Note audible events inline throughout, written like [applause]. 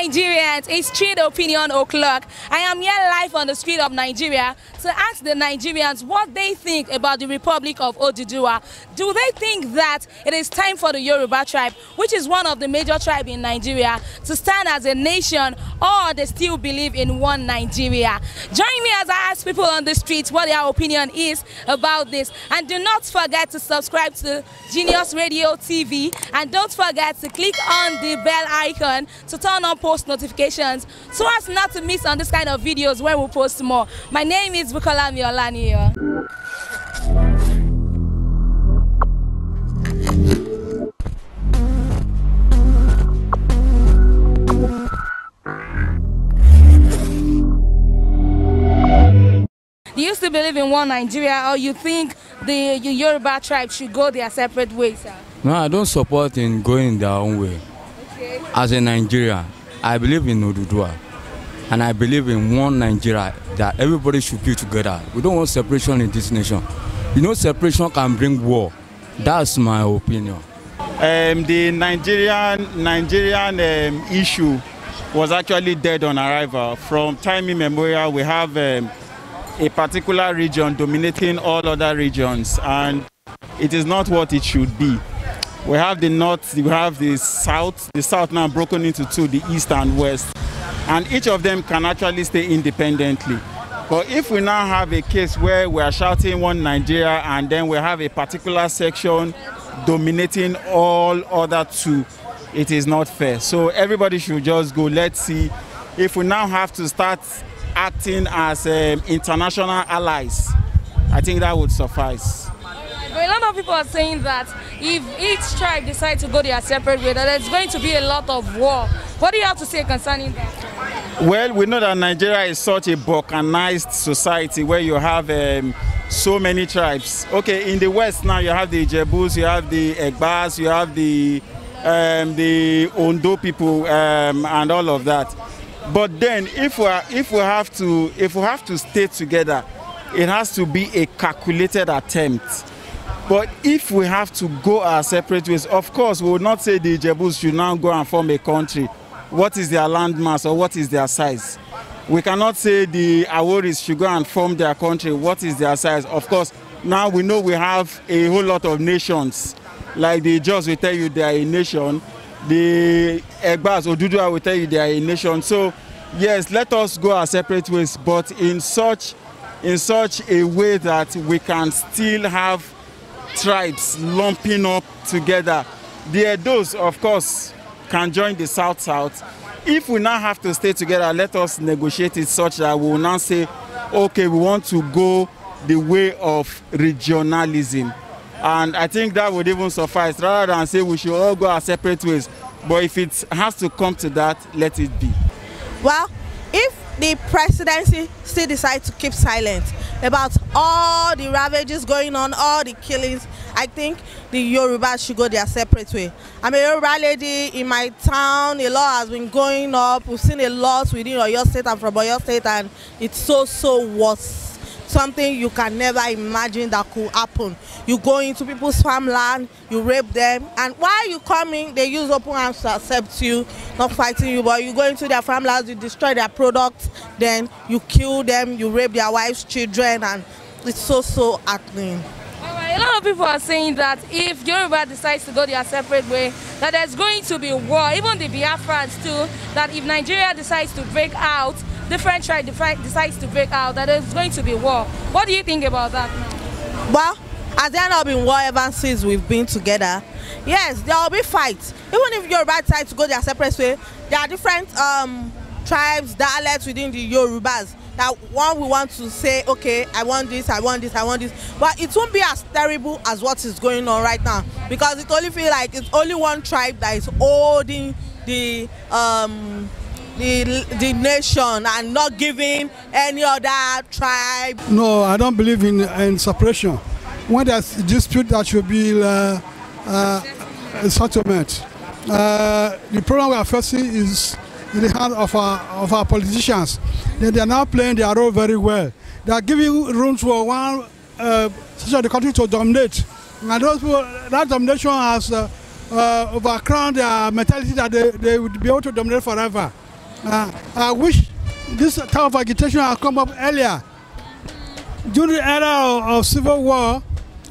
Nigerians, it's Street Opinion O'Clock. I am here live on the street of Nigeria to ask the Nigerians what they think about the Republic of Odudua. Do they think that it is time for the Yoruba tribe, which is one of the major tribes in Nigeria, to stand as a nation or they still believe in one Nigeria? Join me as I ask people on the street what their opinion is about this. And do not forget to subscribe to Genius Radio TV and don't forget to click on the bell icon to turn on post notifications so as not to miss on this kind of videos when we post more. My name is Bukola Miolani. Do you still believe in one Nigeria or you think the Yoruba tribe should go their separate ways? No, I don't support in going their own way. Okay. As a Nigerian. I believe in Odudua and I believe in one Nigeria that everybody should be together. We don't want separation in this nation. You know, separation can bring war. That's my opinion. Um, the Nigerian Nigerian um, issue was actually dead on arrival. From time immemorial, we have um, a particular region dominating all other regions, and it is not what it should be. We have the north, we have the south. The south now broken into two, the east and west. And each of them can actually stay independently. But if we now have a case where we are shouting one Nigeria and then we have a particular section dominating all other two, it is not fair. So everybody should just go, let's see. If we now have to start acting as um, international allies, I think that would suffice. A lot of people are saying that if each tribe decides to go their separate way, that there's going to be a lot of war. What do you have to say concerning that? Well, we know that Nigeria is such a balkanized society where you have um, so many tribes. Okay, in the West now you have the Jebus, you have the Egbas, you have the um, the Ondo people um, and all of that. But then, if we are, if we have to if we have to stay together, it has to be a calculated attempt But if we have to go our separate ways, of course, we will not say the Ijebus should now go and form a country. What is their landmass or what is their size? We cannot say the Aworis should go and form their country. What is their size? Of course, now we know we have a whole lot of nations. Like the Jaws will tell you they are a nation. The Egbas or Dudua will tell you they are a nation. So, yes, let us go our separate ways, but in such in such a way that we can still have tribes lumping up together. The Edos, of course, can join the South South. If we now have to stay together, let us negotiate it such that we will now say, okay, we want to go the way of regionalism. And I think that would even suffice rather than say we should all go our separate ways. But if it has to come to that, let it be. Well, if the presidency still decide to keep silent about all the ravages going on, all the killings. I think the Yoruba should go their separate way. I'm a Yoruba lady in my town. A lot has been going up. We've seen a lot within Oyo State and from Oyo State, and it's so, so worse something you can never imagine that could happen. You go into people's farmland, you rape them, and while you coming, they use open arms to accept you, not fighting you, but you go into their farmlands, you destroy their products, then you kill them, you rape their wives, children, and it's so, so happening. a lot of people are saying that if Yoruba decides to go their separate way, that there's going to be war. Even the Biafrans too, that if Nigeria decides to break out, different tribe decides to break out, that there's going to be war. What do you think about that now? Well, has there not been war ever since we've been together? Yes, there will be fights. Even if Yoruba decide to go their separate way, there are different um, tribes, dialects within the Yorubas that one we want to say, okay, I want this, I want this, I want this. But it won't be as terrible as what is going on right now because it only feels like it's only one tribe that is holding the um, the, the nation and not giving any other tribe. No, I don't believe in, in suppression. When there's dispute, that should be uh, uh, settlement. Uh, the problem we are facing is in the hands of our, of our politicians. They, they are now playing their role very well. They are giving room for one uh, section of the country to dominate. And those people, that domination has uh, uh, their mentality that they, they would be able to dominate forever. Uh, I wish this type of agitation had come up earlier. During the era of, of civil war,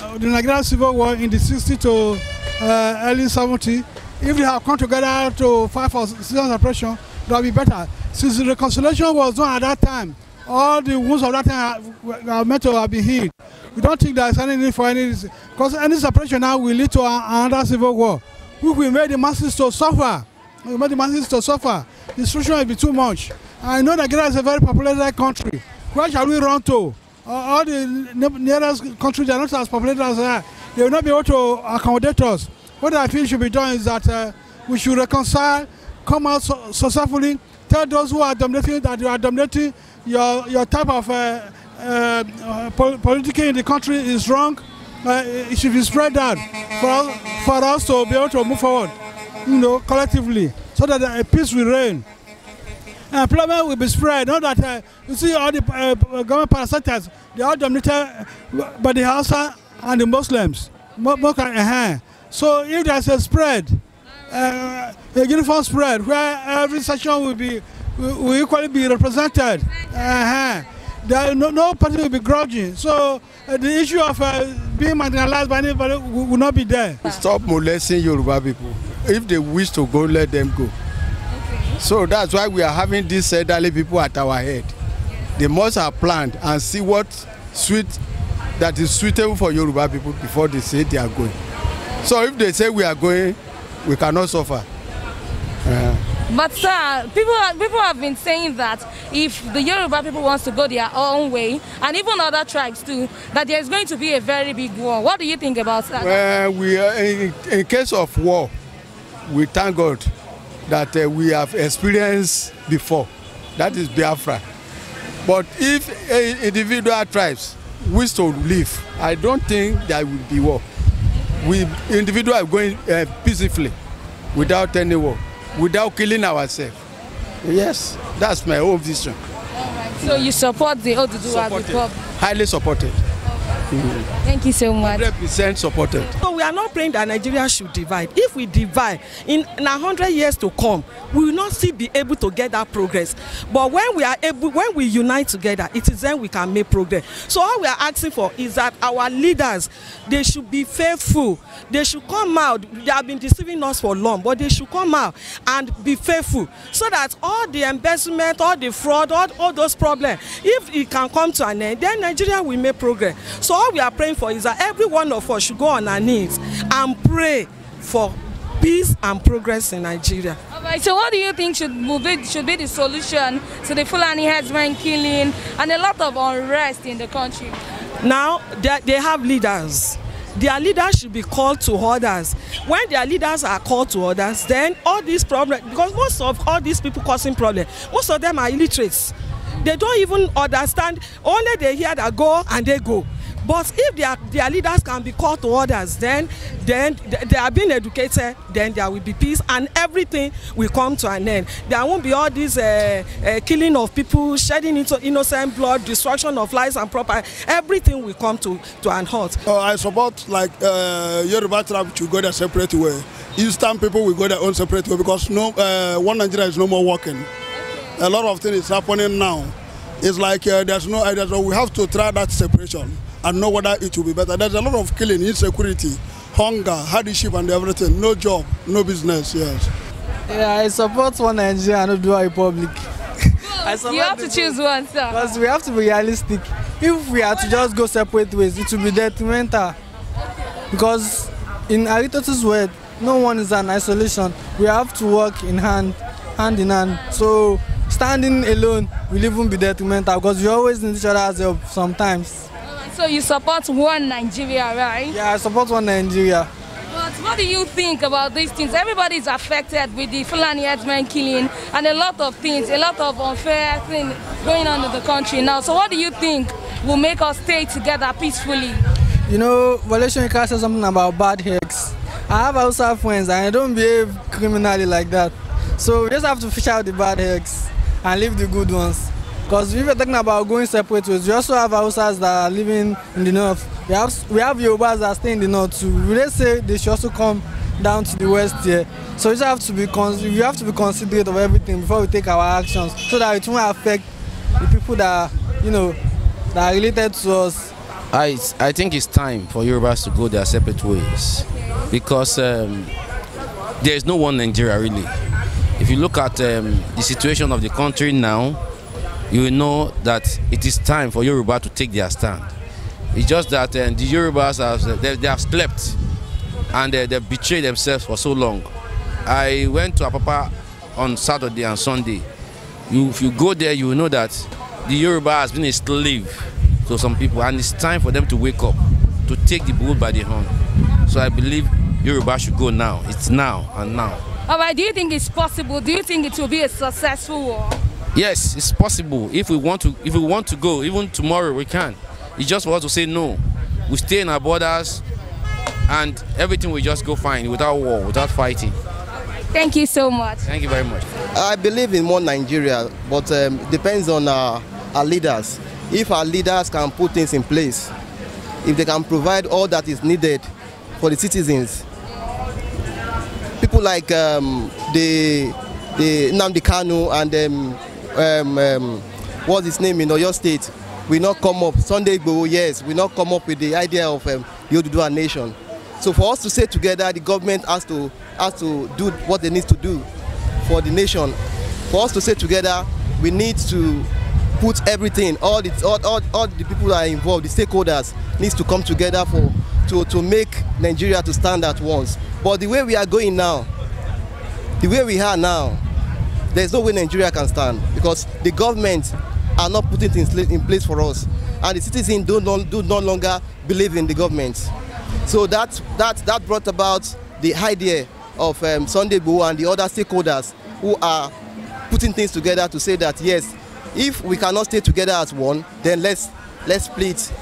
uh, the Nigerian civil war in the 60s to uh, early 70s, if they had come together to fight for citizen oppression, that would be better. Since the reconciliation was done at that time, all the wounds of that time are, are meant to have been healed. We don't think there is any need for any, because any suppression now will lead to another civil war, We will make the masses to suffer. We make the masses to suffer. Destruction will be too much. I know that Ghana is a very populated country. Where shall we run to? Uh, all the nearest countries are not as populated as that. They will not be able to accommodate us. What I feel should be done is that uh, we should reconcile, come out so successfully, tell those who are dominating that you are dominating your, your type of uh, uh, uh, po politics in the country is wrong. Uh, it should be spread out for for us to be able to move forward, you know, collectively so that uh, peace will reign. Employment will be spread. Not that uh, you see all the uh, government parasites, they are dominated uh, by the Hausa and the Muslims. Uh-huh. So if there's a spread, uh, a uniform spread where every section will be will, equally be represented. Uh-huh. There, no, no party will be grudging. So uh, the issue of uh, being marginalized by anybody will not be there. Stop molesting Yoruba people if they wish to go let them go okay. so that's why we are having these elderly people at our head yes. they must have planned and see what sweet that is suitable for Yoruba people before they say they are going so if they say we are going we cannot suffer. Uh, But sir, people people have been saying that if the Yoruba people wants to go their own way, and even other tribes too, that there is going to be a very big war. What do you think about that? Well, we are, in, in case of war, we thank God that uh, we have experienced before. That is Biafra. But if uh, individual tribes wish to live, I don't think there will be war. We individual going uh, peacefully without any war, without killing ourselves. Yes, that's my own vision. right. So you support the Oduduwa Republic? Highly supported everything Thank you so much. 100% supported. So we are not praying that Nigeria should divide. If we divide, in, in 100 years to come, we will not still be able to get that progress. But when we are able, when we unite together, it is then we can make progress. So all we are asking for is that our leaders, they should be faithful. They should come out. They have been deceiving us for long, but they should come out and be faithful so that all the embezzlement, all the fraud, all, all those problems, if it can come to an end, then Nigeria will make progress. So all we are praying for is that every one of us should go on our knees and pray for peace and progress in Nigeria. All right, so what do you think should be, should be the solution to the Fulani herdsmen killing and a lot of unrest in the country? Now, they, they have leaders. Their leaders should be called to orders. When their leaders are called to orders, then all these problems, because most of all these people causing problems, most of them are illiterates. They don't even understand, only they hear that go and they go. But if their, their leaders can be called to orders, then, then they are being educated, then there will be peace and everything will come to an end. There won't be all this uh, eh, uh, eh, killing of people, shedding into innocent blood, destruction of lives and property. Everything will come to, to an halt. Uh, I support like uh, Yoruba tribe to go their separate way. Eastern people will go their own separate way because no uh, one Nigeria is no more working. A lot of things is happening now. It's like uh, there's no, idea. So we have to try that separation and know whether it will be better. There's a lot of killing, insecurity, hunger, hardship, and everything. No job, no business. Yes. Yeah, I support one Nigeria and Oduduwa Republic. you have to choose one, sir. Because we have to be realistic. If we are to just go separate ways, it will be detrimental. Because in Aristoteles' word, no one is an isolation. We have to work in hand, hand in hand. So standing alone will even be detrimental because we always need each other's help sometimes. So you support one Nigeria, right? Yeah, I support one Nigeria. But what do you think about these things? Everybody is affected with the Fulani headsmen killing and a lot of things, a lot of unfair things going on in the country now. So what do you think will make us stay together peacefully? You know, Valencian can say something about bad hicks. I have also friends and I don't behave criminally like that. So we just have to fish out the bad hicks and leave the good ones. Because if you're talking about going separate ways, we also have Hausas that are living in the north. We have we have Yorubas that stay in the north too. Would they say they should also come down to the west here? So we have to be we have to be considerate of everything before we take our actions, so that it won't affect the people that you know that are related to us. I I think it's time for Yorubas to go their separate ways, because um, there is no one Nigeria really. If you look at um, the situation of the country now you will know that it is time for Yoruba to take their stand. It's just that uh, the Yorubas have, uh, they, they have slept and uh, they've betrayed themselves for so long. I went to Apapa on Saturday and Sunday. You, if you go there, you will know that the Yoruba has been a slave to some people and it's time for them to wake up, to take the bull by the horn. So I believe Yoruba should go now. It's now and now. All right, do you think it's possible? Do you think it will be a successful war? yes it's possible if we want to if we want to go even tomorrow we can it's just for us to say no we stay in our borders and everything will just go fine without war without fighting thank you so much thank you very much i believe in more nigeria but um, depends on our, our leaders if our leaders can put things in place if they can provide all that is needed for the citizens people like um, the the Namdi Kanu and um, um, um, what's his name in Oyo State, we not come up. Sunday Igboho, yes, we not come up with the idea of um, the Oduduwa nation. So for us to stay together, the government has to has to do what they need to do for the nation. For us to stay together, we need to put everything, all the all, all, all the people that are involved, the stakeholders, needs to come together for to, to make Nigeria to stand at once. But the way we are going now, the way we are now, there's no way Nigeria can stand because the government are not putting things in place for us and the citizens do not do no longer believe in the government so that that that brought about the idea of um, Sunday Igboho and the other stakeholders who are putting things together to say that yes if we cannot stay together as one then let's let's split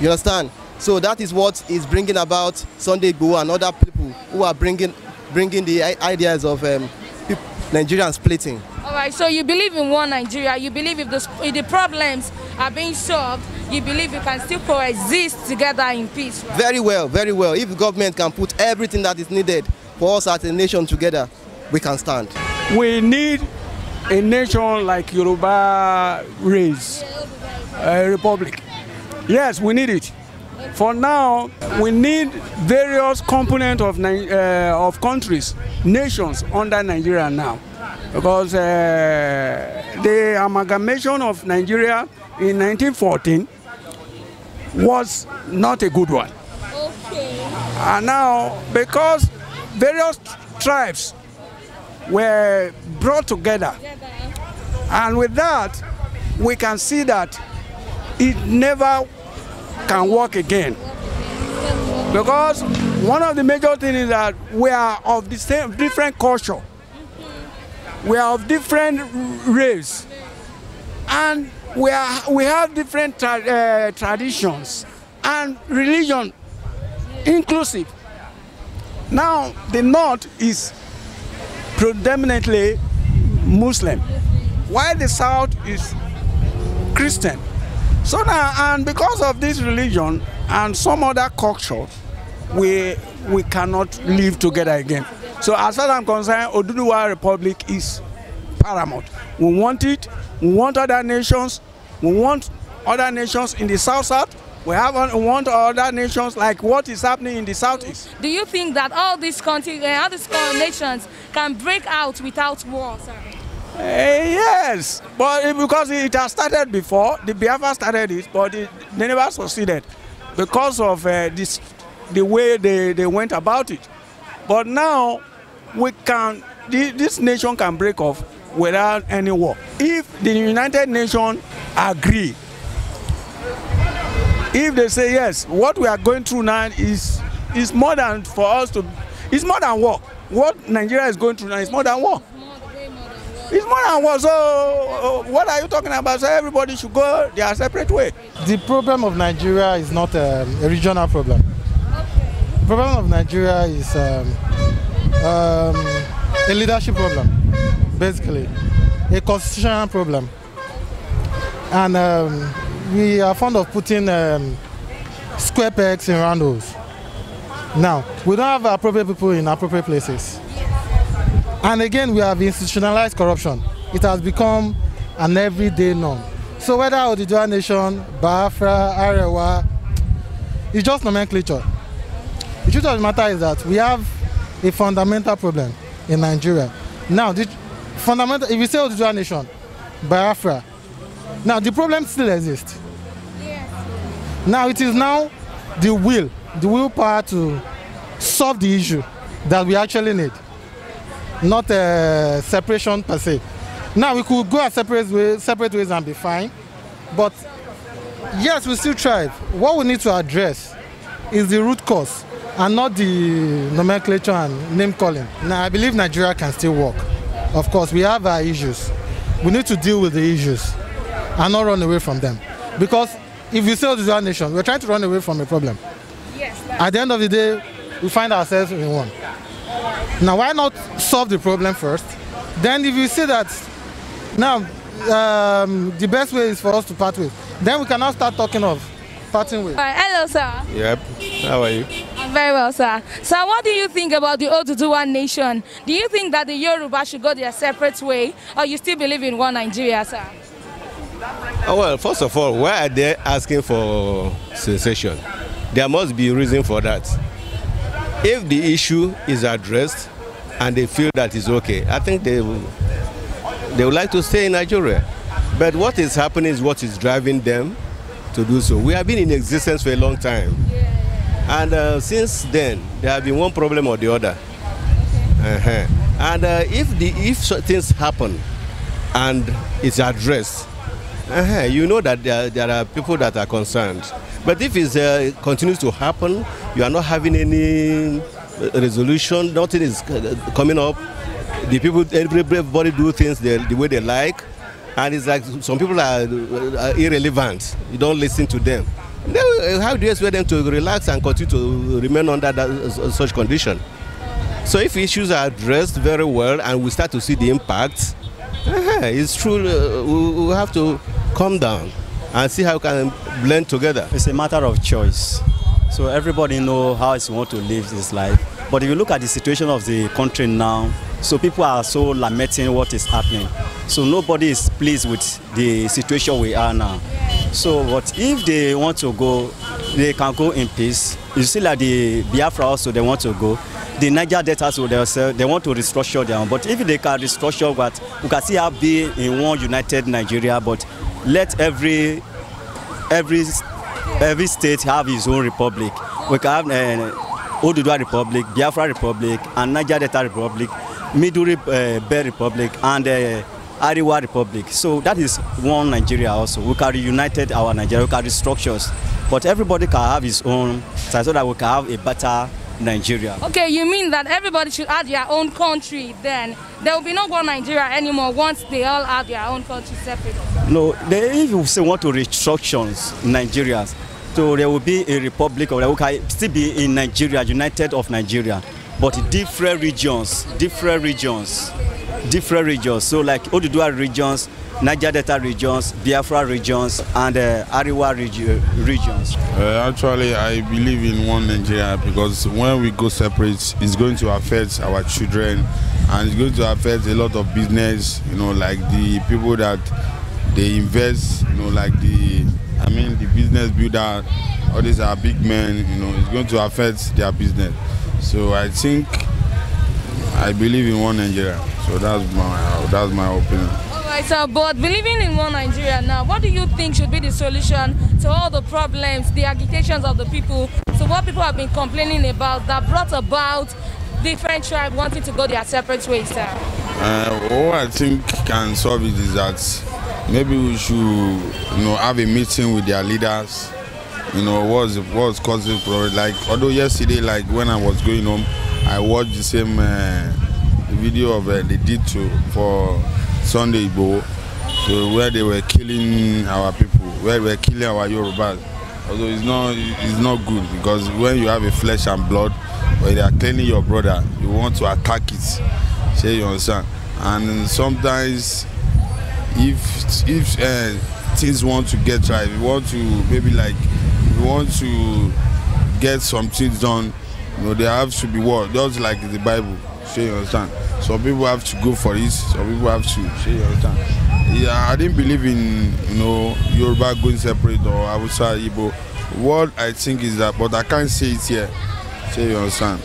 you understand so that is what is bringing about Sunday Igboho and other people who are bringing bringing the ideas of um, Nigerian splitting. All right, so you believe in one Nigeria. You believe if the, if the problems are being solved, you believe you can still coexist together in peace. Right? Very well, very well. If the government can put everything that is needed for us as a nation together, we can stand. We need a nation like Yoruba race, a republic. Yes, we need it. For now, we need various components of, uh, of countries, nations under Nigeria now. Because uh, the amalgamation of Nigeria in 1914 was not a good one. Okay. And now, because various tribes were brought together, and with that, we can see that it never can work again. Because one of the major things is that we are of the same different culture. We are of different race. And we, are, we have different tra uh, traditions and religion inclusive. Now, the North is predominantly Muslim, while the South is Christian. So now, and because of this religion and some other culture, we we cannot live together again. So as far as I'm concerned, Oduduwa Republic is paramount. We want it. We want other nations. We want other nations in the South South. We haven't want other nations like what is happening in the Southeast. Do you think that all these countries, uh, all these nations, can break out without war, sir? Uh, yes, but because it has started before, the Biafra started it, but it, they never succeeded because of uh, this, the way they, they went about it. But now, we can, this nation can break off without any war. If the United Nations agree, if they say yes, what we are going through now is, is more than for us to, it's more than war. What Nigeria is going through now is more than war. It's more than war. So uh, what are you talking about? So everybody should go their separate way. The problem of Nigeria is not um, a regional problem. The problem of Nigeria is um, um, a leadership problem, basically, a constitutional problem. And um, we are fond of putting um, square pegs in round holes. Now, we don't have appropriate people in appropriate places. And again, we have institutionalized corruption. It has become an everyday norm. So whether Odidua Nation, Biafra, Arewa, it's just nomenclature. The truth of the matter is that we have a fundamental problem in Nigeria. Now, the fundamental, if you say Odidua Nation, Biafra, now the problem still exists. Yes. Now it is now the will, the willpower to solve the issue that we actually need not a uh, separation per se. Now we could go our separate ways, separate ways and be fine, but yes, we still thrive. What we need to address is the root cause and not the nomenclature and name calling. Now I believe Nigeria can still work. Of course, we have our issues. We need to deal with the issues and not run away from them. Because if you say this our nation, we're trying to run away from a problem. Yes, At the end of the day, we find ourselves in one. Now, why not solve the problem first? Then, if you see that now um, the best way is for us to part with, then we can now start talking of parting with. Right, hello, sir. Yep. How are you? very well, sir. Sir, what do you think about the Oduduwa nation? Do you think that the Yoruba should go their separate way, or you still believe in one Nigeria, sir? Oh, well, first of all, why are they asking for secession? There must be a reason for that. If the issue is addressed and they feel that is okay, I think they will, they would like to stay in Nigeria. But what is happening is what is driving them to do so. We have been in existence for a long time. And uh, since then, there have been one problem or the other. Uh -huh. And uh, if the if things happen and it's addressed, -huh, you know that there, there are people that are concerned. But if uh, it uh, continues to happen, you are not having any uh, resolution, nothing is uh, coming up. The people, everybody do things the, the way they like, and it's like some people are, are irrelevant. You don't listen to them. how do you expect them to relax and continue to remain under that, such condition? So if issues are addressed very well and we start to see the impacts, [laughs] uh -huh, it's true, uh, we, we have to calm down. and see how you can blend together. It's a matter of choice. So everybody know how he want to live this life. But if you look at the situation of the country now, so people are so lamenting what is happening. So nobody is pleased with the situation we are now. So but if they want to go, they can go in peace. You see like the Biafra also they want to go. The Niger Delta also they want to restructure them. But if they can restructure what we can see how be in one united Nigeria but let every every every state have its own republic. We can have uh, eh, Oduduwa Republic, Biafra Republic, and Niger Delta Republic, Middle uh, eh, Bay Republic, and uh, Ariwa Republic. So that is one Nigeria also. We can reunite our Nigeria, we can restructure But everybody can have his own, so that we can have a better Nigeria. Okay, you mean that everybody should add their own country then? There will be no one Nigeria anymore once they all add their own country separately. No, they, if you say want to restrictions in Nigeria, so there will be a republic or there will still be in Nigeria, United of Nigeria, but different regions, different regions different regions. So like Oduduwa regions, Niger Delta regions, Biafra regions, and uh, Ariwa regi regions. Uh, actually, I believe in one Nigeria because when we go separate, it's going to affect our children and it's going to affect a lot of business. You know, like the people that they invest. You know, like the I mean the business builder. All these are big men. You know, it's going to affect their business. So I think I believe in one Nigeria. So that's my uh, that's my opinion. All right, sir. But believing in one Nigeria now, what do you think should be the solution to all the problems, the agitations of the people, So what people have been complaining about that brought about different tribes wanting to go their separate ways, sir? Uh, what I think can solve it is that maybe we should, you know, have a meeting with their leaders. You know, what's what's causing problem? Like although yesterday, like when I was going home, I watched the same. Uh, video of uh, they did for Sunday Igboho, so where they were killing our people, where they were killing our Yorubas. Although it's not it's not good because when you have a flesh and blood, when they are killing your brother, you want to attack it. Say you understand? And sometimes if if uh, things want to get right, we want to maybe like we want to get some things done you know, they have to be what just like the Bible Say you understand. Some people have to go for it. Some people have to. Say you understand. Yeah, I didn't believe in you know Yoruba going separate or Hausa Igbo. What I think is that, but I can't say it here. Say you understand.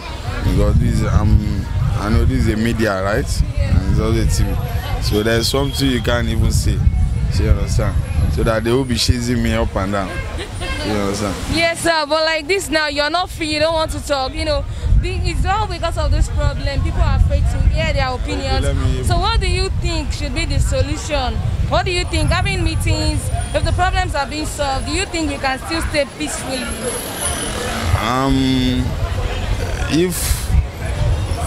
Because this um, I know this is a media, right? And it's also a TV. So there's something you can't even say. Say you understand. So that they will be chasing me up and down. You understand? Yes, sir. But like this now, you're not free. You don't want to talk. You know it's not because of this problem. People are afraid to hear their opinions. so what do you think should be the solution? What do you think? Having meetings, if the problems are being solved, do you think we can still stay peacefully? Um, if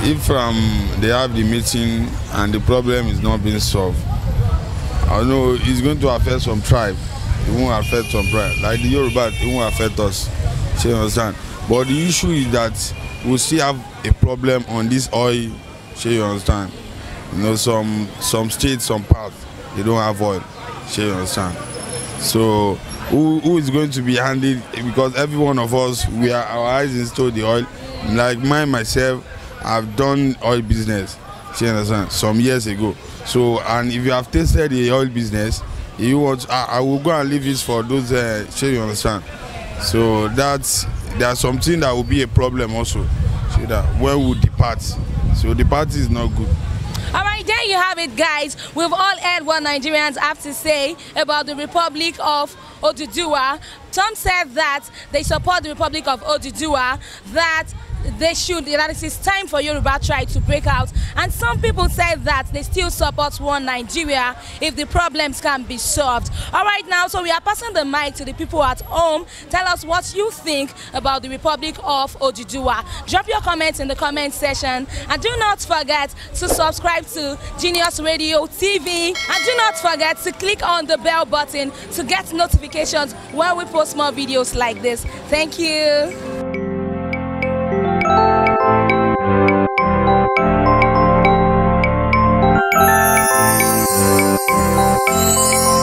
if um, they have the meeting and the problem is not being solved, I know it's going to affect some tribe. It won't affect some tribe. Like the Yoruba, it won't affect us. So you understand? But the issue is that we still have a problem on this oil shey you understand you know some some states some parts they don't have oil shey you understand so who who is going to be handed because every one of us we are our eyes is to the oil like mine myself i've done oil business shey you understand some years ago so and if you have tasted the oil business you want i i will go and leave it for those uh, shey you understand so that's there are something that will be a problem also so that when we depart so the party is not good all right there you have it guys we've all heard what nigerians have to say about the republic of oduduwa tom said that they support the republic of oduduwa that they should that it is time for Yoruba tribe to break out and some people say that they still support one Nigeria if the problems can be solved all right now so we are passing the mic to the people at home tell us what you think about the Republic of Oduduwa drop your comments in the comment section and do not forget to subscribe to Genius Radio TV and do not forget to click on the bell button to get notifications when we post more videos like this thank you Música